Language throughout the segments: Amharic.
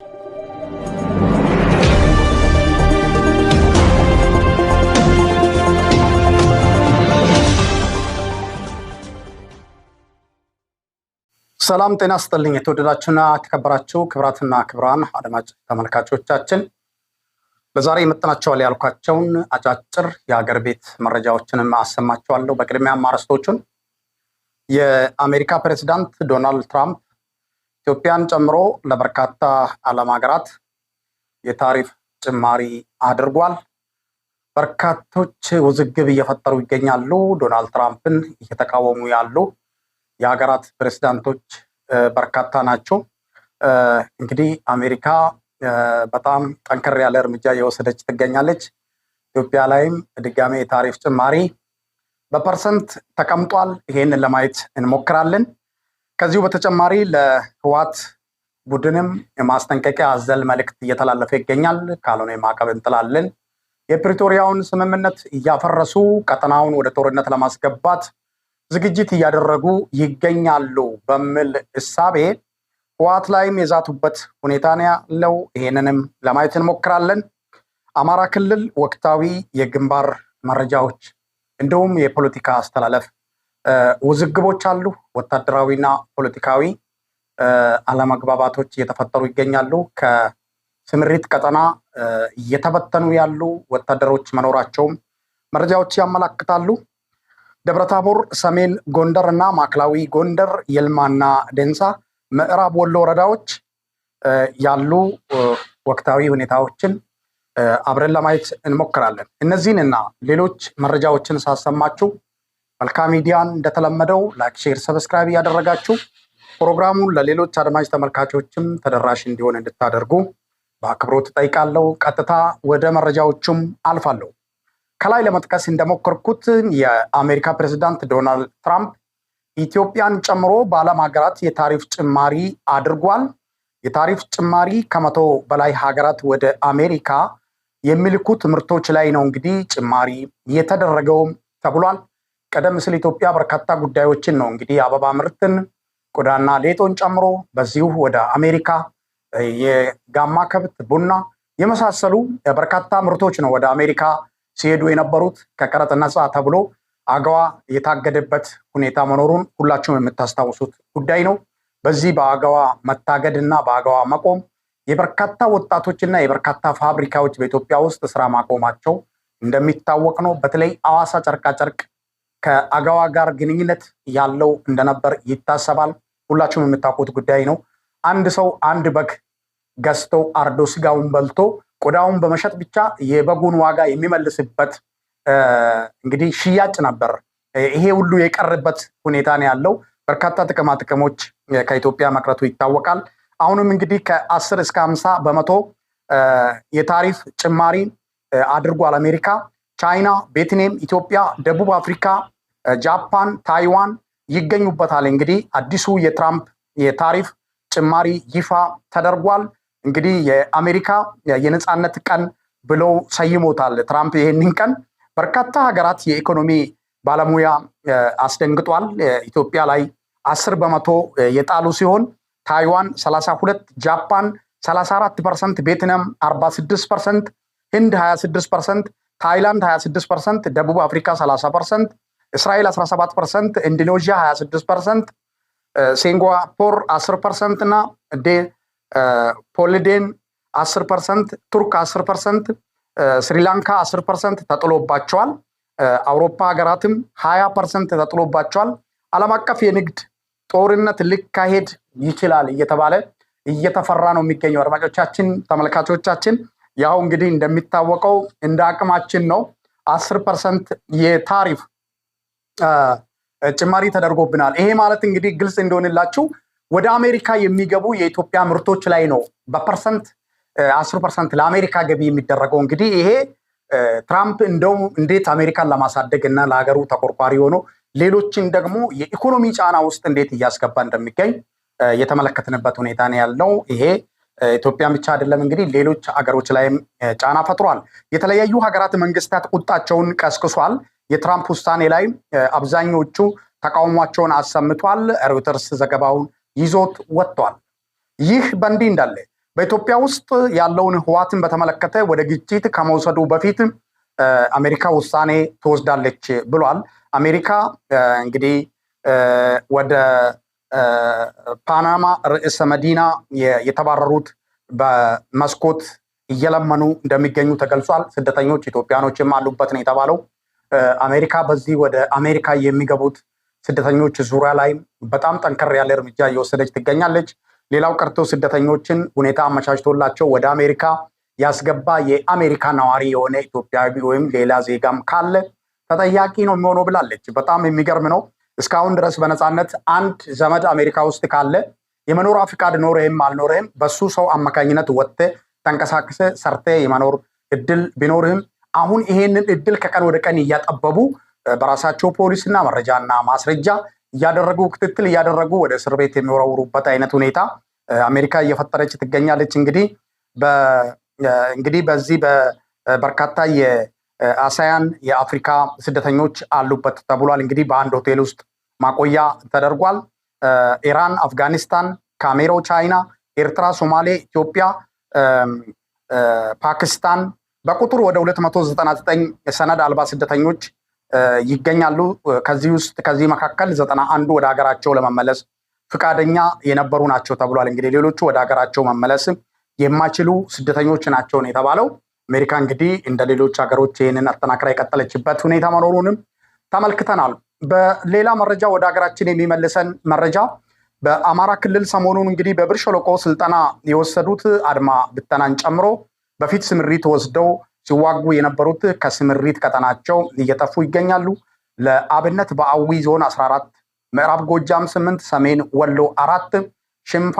ሰላም ጤና ስጥልኝ። የተወደዳችሁና የተከበራችሁ ክብራትና ክብራን አድማጭ ተመልካቾቻችን በዛሬ መጥናቸዋል ያልኳቸውን አጫጭር የሀገር ቤት መረጃዎችንም አሰማችኋለሁ። በቅድሚያ አርዕስቶቹን የአሜሪካ ፕሬዚዳንት ዶናልድ ትራምፕ ኢትዮጵያን ጨምሮ ለበርካታ ዓለም ሀገራት የታሪፍ ጭማሪ አድርጓል። በርካቶች ውዝግብ እየፈጠሩ ይገኛሉ። ዶናልድ ትራምፕን እየተቃወሙ ያሉ የሀገራት ፕሬዚዳንቶች በርካታ ናቸው። እንግዲህ አሜሪካ በጣም ጠንከር ያለ እርምጃ እየወሰደች ትገኛለች። ኢትዮጵያ ላይም ድጋሜ የታሪፍ ጭማሪ በፐርሰንት ተቀምጧል። ይሄንን ለማየት እንሞክራለን። ከዚሁ በተጨማሪ ለህዋት ቡድንም የማስጠንቀቂያ አዘል መልእክት እየተላለፈ ይገኛል። ካልሆነ ማዕቀብ እንጥላለን፣ የፕሪቶሪያውን ስምምነት እያፈረሱ ቀጠናውን ወደ ጦርነት ለማስገባት ዝግጅት እያደረጉ ይገኛሉ በሚል እሳቤ ህዋት ላይም የዛቱበት ሁኔታ ነው ያለው። ይሄንንም ለማየት እንሞክራለን። አማራ ክልል ወቅታዊ የግንባር መረጃዎች እንዲሁም የፖለቲካ አስተላለፍ ውዝግቦች አሉ። ወታደራዊና ፖለቲካዊ አለመግባባቶች እየተፈጠሩ ይገኛሉ። ከስምሪት ቀጠና እየተበተኑ ያሉ ወታደሮች መኖራቸውም መረጃዎች ያመላክታሉ። ደብረታቦር፣ ሰሜን ጎንደር እና ማዕከላዊ ጎንደር፣ የልማና ደንሳ፣ ምዕራብ ወሎ ወረዳዎች ያሉ ወቅታዊ ሁኔታዎችን አብረን ለማየት እንሞክራለን። እነዚህን እና ሌሎች መረጃዎችን ሳሰማችሁ መልካ ሚዲያን እንደተለመደው ላይክ፣ ሼር፣ ሰብስክራይብ እያደረጋችሁ ፕሮግራሙን ለሌሎች አድማጭ ተመልካቾችም ተደራሽ እንዲሆን እንድታደርጉ በአክብሮት እጠይቃለሁ። ቀጥታ ወደ መረጃዎቹም አልፋለሁ። ከላይ ለመጥቀስ እንደሞከርኩት የአሜሪካ ፕሬዝዳንት ዶናልድ ትራምፕ ኢትዮጵያን ጨምሮ በዓለም ሀገራት የታሪፍ ጭማሪ አድርጓል። የታሪፍ ጭማሪ ከመቶ በላይ ሀገራት ወደ አሜሪካ የሚልኩት ምርቶች ላይ ነው እንግዲህ ጭማሪ የተደረገውም ተብሏል። ቀደም ሲል ኢትዮጵያ በርካታ ጉዳዮችን ነው እንግዲህ የአበባ ምርትን ቆዳና ሌጦን ጨምሮ በዚሁ ወደ አሜሪካ የጋማ ከብት፣ ቡና የመሳሰሉ በርካታ ምርቶች ነው ወደ አሜሪካ ሲሄዱ የነበሩት ከቀረጥ ነፃ ተብሎ አገዋ የታገደበት ሁኔታ መኖሩን ሁላችሁም የምታስታውሱት ጉዳይ ነው። በዚህ በአገዋ መታገድ እና በአገዋ መቆም የበርካታ ወጣቶችና የበርካታ ፋብሪካዎች በኢትዮጵያ ውስጥ ስራ ማቆማቸው እንደሚታወቅ ነው። በተለይ አዋሳ ጨርቃጨርቅ ከአገዋ ጋር ግንኙነት ያለው እንደነበር ይታሰባል። ሁላችሁም የምታውቁት ጉዳይ ነው። አንድ ሰው አንድ በግ ገዝቶ አርዶ ስጋውን በልቶ ቆዳውን በመሸጥ ብቻ የበጉን ዋጋ የሚመልስበት እንግዲህ ሽያጭ ነበር። ይሄ ሁሉ የቀረበት ሁኔታ ነው ያለው። በርካታ ጥቅማ ጥቅሞች ከኢትዮጵያ መቅረቱ ይታወቃል። አሁንም እንግዲህ ከአስር እስከ ሀምሳ በመቶ የታሪፍ ጭማሪ አድርጓል አሜሪካ። ቻይና፣ ቤትኔም፣ ኢትዮጵያ፣ ደቡብ አፍሪካ፣ ጃፓን፣ ታይዋን ይገኙበታል። እንግዲህ አዲሱ የትራምፕ የታሪፍ ጭማሪ ይፋ ተደርጓል። እንግዲህ የአሜሪካ የነፃነት ቀን ብለው ሰይሞታል ትራምፕ ይህንን ቀን። በርካታ ሀገራት የኢኮኖሚ ባለሙያ አስደንግጧል። ኢትዮጵያ ላይ አስር በመቶ የጣሉ ሲሆን ታይዋን 32፣ ጃፓን 34 ፐርሰንት፣ ቬትናም 46 ፐርሰንት፣ ህንድ 26 ፐርሰንት ታይላንድ 26 ፐርሰንት፣ ደቡብ አፍሪካ 30 ፐርሰንት፣ እስራኤል 17 ፐርሰንት፣ ኢንዶኔዥያ 26 ፐርሰንት፣ ሲንጋፖር 10 ፐርሰንት እና ፖሊዴን 10 ፐርሰንት፣ ቱርክ 10 ፐርሰንት፣ ስሪላንካ 10 ፐርሰንት ተጥሎባቸዋል። አውሮፓ ሀገራትም 20 ፐርሰንት ተጥሎባቸዋል። ዓለም አቀፍ የንግድ ጦርነት ሊካሄድ ይችላል እየተባለ እየተፈራ ነው የሚገኘው። አድማጮቻችን፣ ተመልካቾቻችን ያው እንግዲህ እንደሚታወቀው እንደ አቅማችን ነው። አስር ፐርሰንት የታሪፍ ጭማሪ ተደርጎብናል። ይሄ ማለት እንግዲህ ግልጽ እንደሆንላችሁ ወደ አሜሪካ የሚገቡ የኢትዮጵያ ምርቶች ላይ ነው በፐርሰንት አስር ፐርሰንት ለአሜሪካ ገቢ የሚደረገው። እንግዲህ ይሄ ትራምፕ እንደው እንዴት አሜሪካን ለማሳደግ እና ለሀገሩ ተቆርቋሪ ሆኖ ሌሎችን ደግሞ የኢኮኖሚ ጫና ውስጥ እንዴት እያስገባ እንደሚገኝ የተመለከትንበት ሁኔታ ነው ያለው ይሄ ኢትዮጵያን ብቻ አይደለም እንግዲህ ሌሎች ሀገሮች ላይም ጫና ፈጥሯል። የተለያዩ ሀገራት መንግስታት ቁጣቸውን ቀስቅሷል። የትራምፕ ውሳኔ ላይ አብዛኞቹ ተቃውሟቸውን አሰምቷል። ሮይተርስ ዘገባውን ይዞት ወጥቷል። ይህ በእንዲህ እንዳለ በኢትዮጵያ ውስጥ ያለውን ህዋትን በተመለከተ ወደ ግጭት ከመውሰዱ በፊት አሜሪካ ውሳኔ ትወስዳለች ብሏል። አሜሪካ እንግዲህ ወደ ፓናማ ርዕሰ መዲና የተባረሩት በመስኮት እየለመኑ እንደሚገኙ ተገልጿል። ስደተኞች ኢትዮጵያኖችም አሉበት ነው የተባለው። አሜሪካ በዚህ ወደ አሜሪካ የሚገቡት ስደተኞች ዙሪያ ላይ በጣም ጠንከር ያለ እርምጃ እየወሰደች ትገኛለች። ሌላው ቀርቶ ስደተኞችን ሁኔታ አመቻችቶላቸው ወደ አሜሪካ ያስገባ የአሜሪካ ነዋሪ የሆነ ኢትዮጵያዊ ወይም ሌላ ዜጋም ካለ ተጠያቂ ነው የሚሆነው ብላለች። በጣም የሚገርም ነው። እስካሁን ድረስ በነፃነት አንድ ዘመድ አሜሪካ ውስጥ ካለ የመኖር ፍቃድ ኖርህም አልኖርህም በሱ ሰው አማካኝነት ወጥተ ተንቀሳቅሰ ሰርተ የመኖር እድል ቢኖርህም አሁን ይሄንን እድል ከቀን ወደ ቀን እያጠበቡ በራሳቸው ፖሊስና መረጃና ማስረጃ እያደረጉ ክትትል እያደረጉ ወደ እስር ቤት የሚወረውሩበት አይነት ሁኔታ አሜሪካ እየፈጠረች ትገኛለች። እንግዲህ እንግዲህ በዚህ በርካታ የአሳያን የአፍሪካ ስደተኞች አሉበት ተብሏል። እንግዲህ በአንድ ሆቴል ውስጥ ማቆያ ተደርጓል። ኢራን፣ አፍጋኒስታን፣ ካሜሮ፣ ቻይና፣ ኤርትራ፣ ሶማሌ፣ ኢትዮጵያ፣ ፓኪስታን በቁጥር ወደ 299 ሰነድ አልባ ስደተኞች ይገኛሉ። ከዚህ ውስጥ ከዚህ መካከል ዘጠና አንዱ ወደ ሀገራቸው ለመመለስ ፍቃደኛ የነበሩ ናቸው ተብሏል። እንግዲህ ሌሎቹ ወደ ሀገራቸው መመለስ የማይችሉ ስደተኞች ናቸው ነው የተባለው። አሜሪካ እንግዲህ እንደ ሌሎች ሀገሮች ይህንን አጠናክራ የቀጠለችበት ሁኔታ መኖሩንም ተመልክተናል። በሌላ መረጃ ወደ ሀገራችን የሚመልሰን መረጃ በአማራ ክልል ሰሞኑን እንግዲህ በብር ሸለቆ ስልጠና የወሰዱት አድማ ብተናን ጨምሮ በፊት ስምሪት ወስደው ሲዋጉ የነበሩት ከስምሪት ቀጠናቸው እየጠፉ ይገኛሉ። ለአብነት በአዊ ዞን 14፣ ምዕራብ ጎጃም 8፣ ሰሜን ወሎ አራት፣ ሽንፋ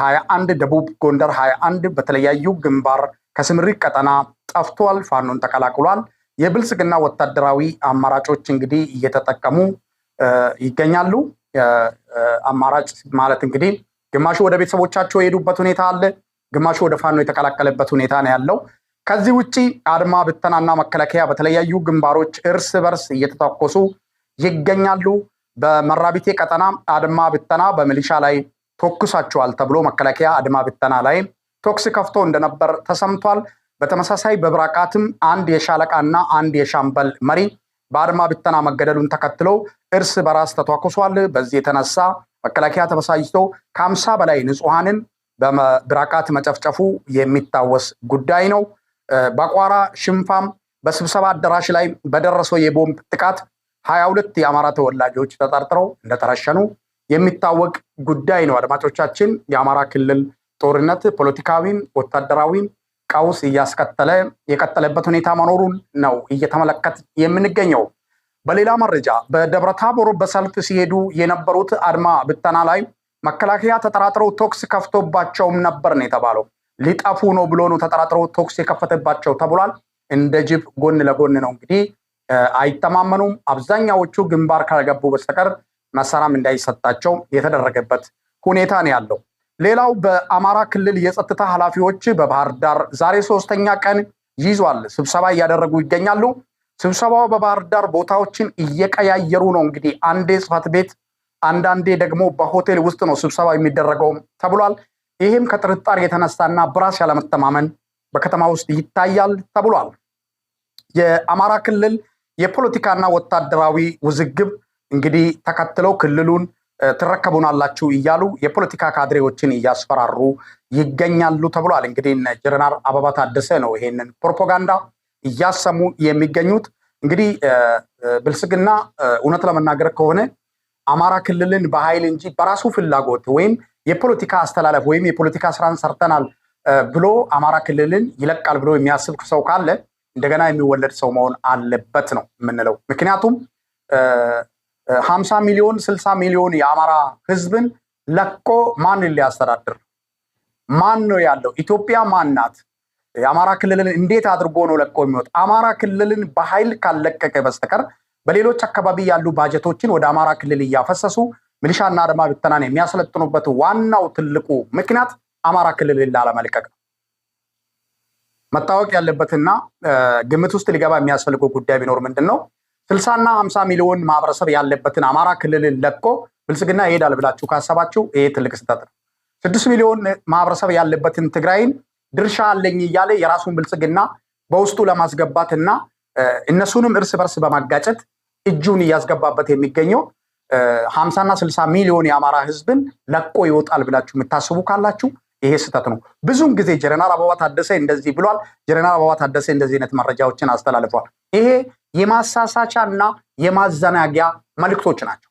21፣ ደቡብ ጎንደር 21 በተለያዩ ግንባር ከስምሪት ቀጠና ጠፍቷል፣ ፋኖን ተቀላቅሏል። የብልጽግና ወታደራዊ አማራጮች እንግዲህ እየተጠቀሙ ይገኛሉ። አማራጭ ማለት እንግዲህ ግማሹ ወደ ቤተሰቦቻቸው የሄዱበት ሁኔታ አለ፣ ግማሹ ወደ ፋኖ የተቀላቀለበት ሁኔታ ነው ያለው። ከዚህ ውጭ አድማ ብተናና መከላከያ በተለያዩ ግንባሮች እርስ በርስ እየተተኮሱ ይገኛሉ። በመራቢቴ ቀጠና አድማ ብተና በሚሊሻ ላይ ተኩሳቸዋል ተብሎ መከላከያ አድማ ብተና ላይ ቶክስ ከፍቶ እንደነበር ተሰምቷል። በተመሳሳይ በብራቃትም አንድ የሻለቃና አንድ የሻምበል መሪ በአድማ ብተና መገደሉን ተከትሎ እርስ በራስ ተተኩሷል። በዚህ የተነሳ መከላከያ ተበሳጭቶ ከአምሳ በላይ ንጹሐንን በብራቃት መጨፍጨፉ የሚታወስ ጉዳይ ነው። በቋራ ሽንፋም በስብሰባ አዳራሽ ላይ በደረሰው የቦምብ ጥቃት ሀያ ሁለት የአማራ ተወላጆች ተጠርጥረው እንደተረሸኑ የሚታወቅ ጉዳይ ነው። አድማጮቻችን፣ የአማራ ክልል ጦርነት ፖለቲካዊም ወታደራዊም ቀውስ እያስከተለ የቀጠለበት ሁኔታ መኖሩን ነው እየተመለከት የምንገኘው። በሌላ መረጃ በደብረታቦር በሰልፍ ሲሄዱ የነበሩት አድማ ብተና ላይ መከላከያ ተጠራጥረው ቶክስ ከፍቶባቸውም ነበር ነው የተባለው። ሊጠፉ ነው ብሎ ነው ተጠራጥረው ቶክስ የከፈተባቸው ተብሏል። እንደ ጅብ ጎን ለጎን ነው እንግዲህ አይተማመኑም። አብዛኛዎቹ ግንባር ካልገቡ በስተቀር መሰራም እንዳይሰጣቸው የተደረገበት ሁኔታ ነው ያለው። ሌላው በአማራ ክልል የጸጥታ ኃላፊዎች በባህር ዳር ዛሬ ሶስተኛ ቀን ይዟል ስብሰባ እያደረጉ ይገኛሉ። ስብሰባው በባህር ዳር ቦታዎችን እየቀያየሩ ነው። እንግዲህ አንዴ ጽፈት ቤት፣ አንዳንዴ ደግሞ በሆቴል ውስጥ ነው ስብሰባ የሚደረገው ተብሏል። ይህም ከጥርጣሬ የተነሳና በራስ ያለመተማመን በከተማ ውስጥ ይታያል ተብሏል። የአማራ ክልል የፖለቲካና ወታደራዊ ውዝግብ እንግዲህ ተከትለው ክልሉን ትረከቡናላችሁ እያሉ የፖለቲካ ካድሬዎችን እያስፈራሩ ይገኛሉ ተብሏል። እንግዲህ ጀነራል አበባ ታደሰ ነው ይሄንን ፕሮፓጋንዳ እያሰሙ የሚገኙት። እንግዲህ ብልጽግና እውነት ለመናገር ከሆነ አማራ ክልልን በኃይል እንጂ በራሱ ፍላጎት ወይም የፖለቲካ አስተላለፍ ወይም የፖለቲካ ስራን ሰርተናል ብሎ አማራ ክልልን ይለቃል ብሎ የሚያስብ ሰው ካለ እንደገና የሚወለድ ሰው መሆን አለበት ነው የምንለው። ምክንያቱም ሀምሳ ሚሊዮን ስልሳ ሚሊዮን የአማራ ህዝብን ለቆ ማንን ሊያስተዳድር ማን ነው ያለው? ኢትዮጵያ ማን ናት? የአማራ ክልልን እንዴት አድርጎ ነው ለቆ የሚወጥ? አማራ ክልልን በኃይል ካለቀቀ በስተቀር በሌሎች አካባቢ ያሉ ባጀቶችን ወደ አማራ ክልል እያፈሰሱ ሚሊሻና አድማ ብተናን የሚያሰለጥኑበት ዋናው ትልቁ ምክንያት አማራ ክልልን ላለመልቀቅ ነው። መታወቅ ያለበትና ግምት ውስጥ ሊገባ የሚያስፈልገው ጉዳይ ቢኖር ምንድን ነው? ስልሳና ሀምሳ ሚሊዮን ማህበረሰብ ያለበትን አማራ ክልልን ለቆ ብልጽግና ይሄዳል ብላችሁ ካሰባችሁ ይሄ ትልቅ ስህተት ነው። ስድስት ሚሊዮን ማህበረሰብ ያለበትን ትግራይን ድርሻ አለኝ እያለ የራሱን ብልጽግና በውስጡ ለማስገባት እና እነሱንም እርስ በርስ በማጋጨት እጁን እያስገባበት የሚገኘው ሀምሳና ስልሳ ሚሊዮን የአማራ ህዝብን ለቆ ይወጣል ብላችሁ የምታስቡ ካላችሁ ይሄ ስህተት ነው። ብዙን ጊዜ ጀነራል አበባ ታደሰ እንደዚህ ብሏል፣ ጀነራል አበባ ታደሰ እንደዚህ አይነት መረጃዎችን አስተላልፏል። ይሄ የማሳሳቻ እና የማዘናጊያ መልእክቶች ናቸው።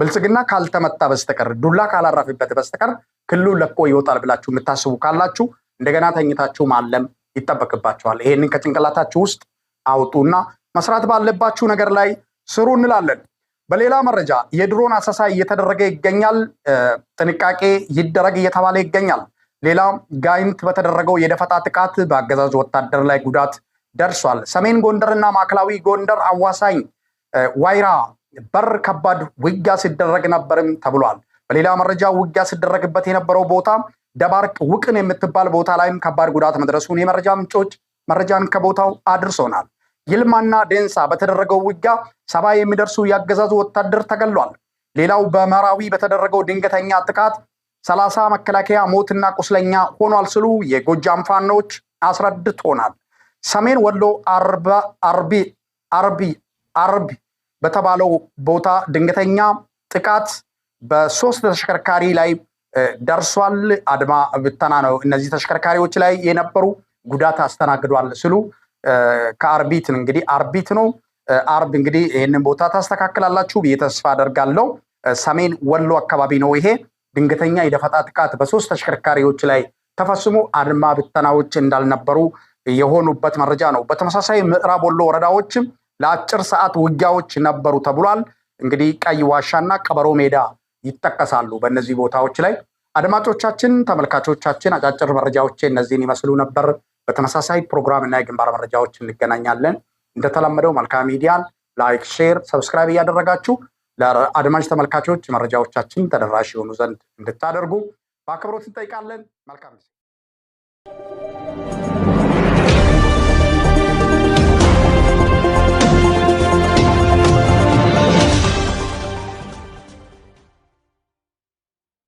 ብልጽግና ካልተመታ በስተቀር ዱላ ካላራፊበት በስተቀር ክሉ ለቆ ይወጣል ብላችሁ የምታስቡ ካላችሁ እንደገና ተኝታችሁ ማለም ይጠበቅባችኋል። ይሄንን ከጭንቅላታችሁ ውስጥ አውጡና መስራት ባለባችሁ ነገር ላይ ስሩ እንላለን። በሌላ መረጃ የድሮን አሰሳ እየተደረገ ይገኛል። ጥንቃቄ ይደረግ እየተባለ ይገኛል። ሌላም ጋይንት በተደረገው የደፈጣ ጥቃት በአገዛዙ ወታደር ላይ ጉዳት ደርሷል። ሰሜን ጎንደርና ማዕከላዊ ጎንደር አዋሳኝ ዋይራ በር ከባድ ውጊያ ሲደረግ ነበርም ተብሏል። በሌላ መረጃ ውጊያ ሲደረግበት የነበረው ቦታ ደባርቅ ውቅን የምትባል ቦታ ላይም ከባድ ጉዳት መድረሱን የመረጃ ምንጮች መረጃን ከቦታው አድርሶናል። ይልማና ደንሳ በተደረገው ውጊያ ሰባ የሚደርሱ የአገዛዙ ወታደር ተገሏል። ሌላው በመራዊ በተደረገው ድንገተኛ ጥቃት ሰላሳ መከላከያ ሞትና ቁስለኛ ሆኗል ስሉ የጎጃም ፋኖች አስረድቶናል። ሰሜን ወሎ አርቢ አርቢ አርቢ በተባለው ቦታ ድንገተኛ ጥቃት በሶስት ተሽከርካሪ ላይ ደርሷል። አድማ ብተና ነው እነዚህ ተሽከርካሪዎች ላይ የነበሩ ጉዳት አስተናግዷል ስሉ ከአርቢት እንግዲህ አርቢት ነው አርብ እንግዲህ ይህንን ቦታ ታስተካክላላችሁ ብዬ ተስፋ አደርጋለሁ። ሰሜን ወሎ አካባቢ ነው ይሄ ድንገተኛ የደፈጣ ጥቃት በሶስት ተሽከርካሪዎች ላይ ተፈስሞ አድማ ብተናዎች እንዳልነበሩ የሆኑበት መረጃ ነው። በተመሳሳይ ምዕራብ ወሎ ወረዳዎችም ለአጭር ሰዓት ውጊያዎች ነበሩ ተብሏል። እንግዲህ ቀይ ዋሻና ቀበሮ ሜዳ ይጠቀሳሉ በእነዚህ ቦታዎች ላይ። አድማጮቻችን፣ ተመልካቾቻችን አጫጭር መረጃዎች እነዚህን ይመስሉ ነበር። በተመሳሳይ ፕሮግራም እና የግንባር መረጃዎች እንገናኛለን። እንደተለመደው መልካም ሚዲያን ላይክ፣ ሼር፣ ሰብስክራይብ እያደረጋችሁ ለአድማጭ ተመልካቾች መረጃዎቻችን ተደራሽ የሆኑ ዘንድ እንድታደርጉ በአክብሮት እንጠይቃለን። መልካም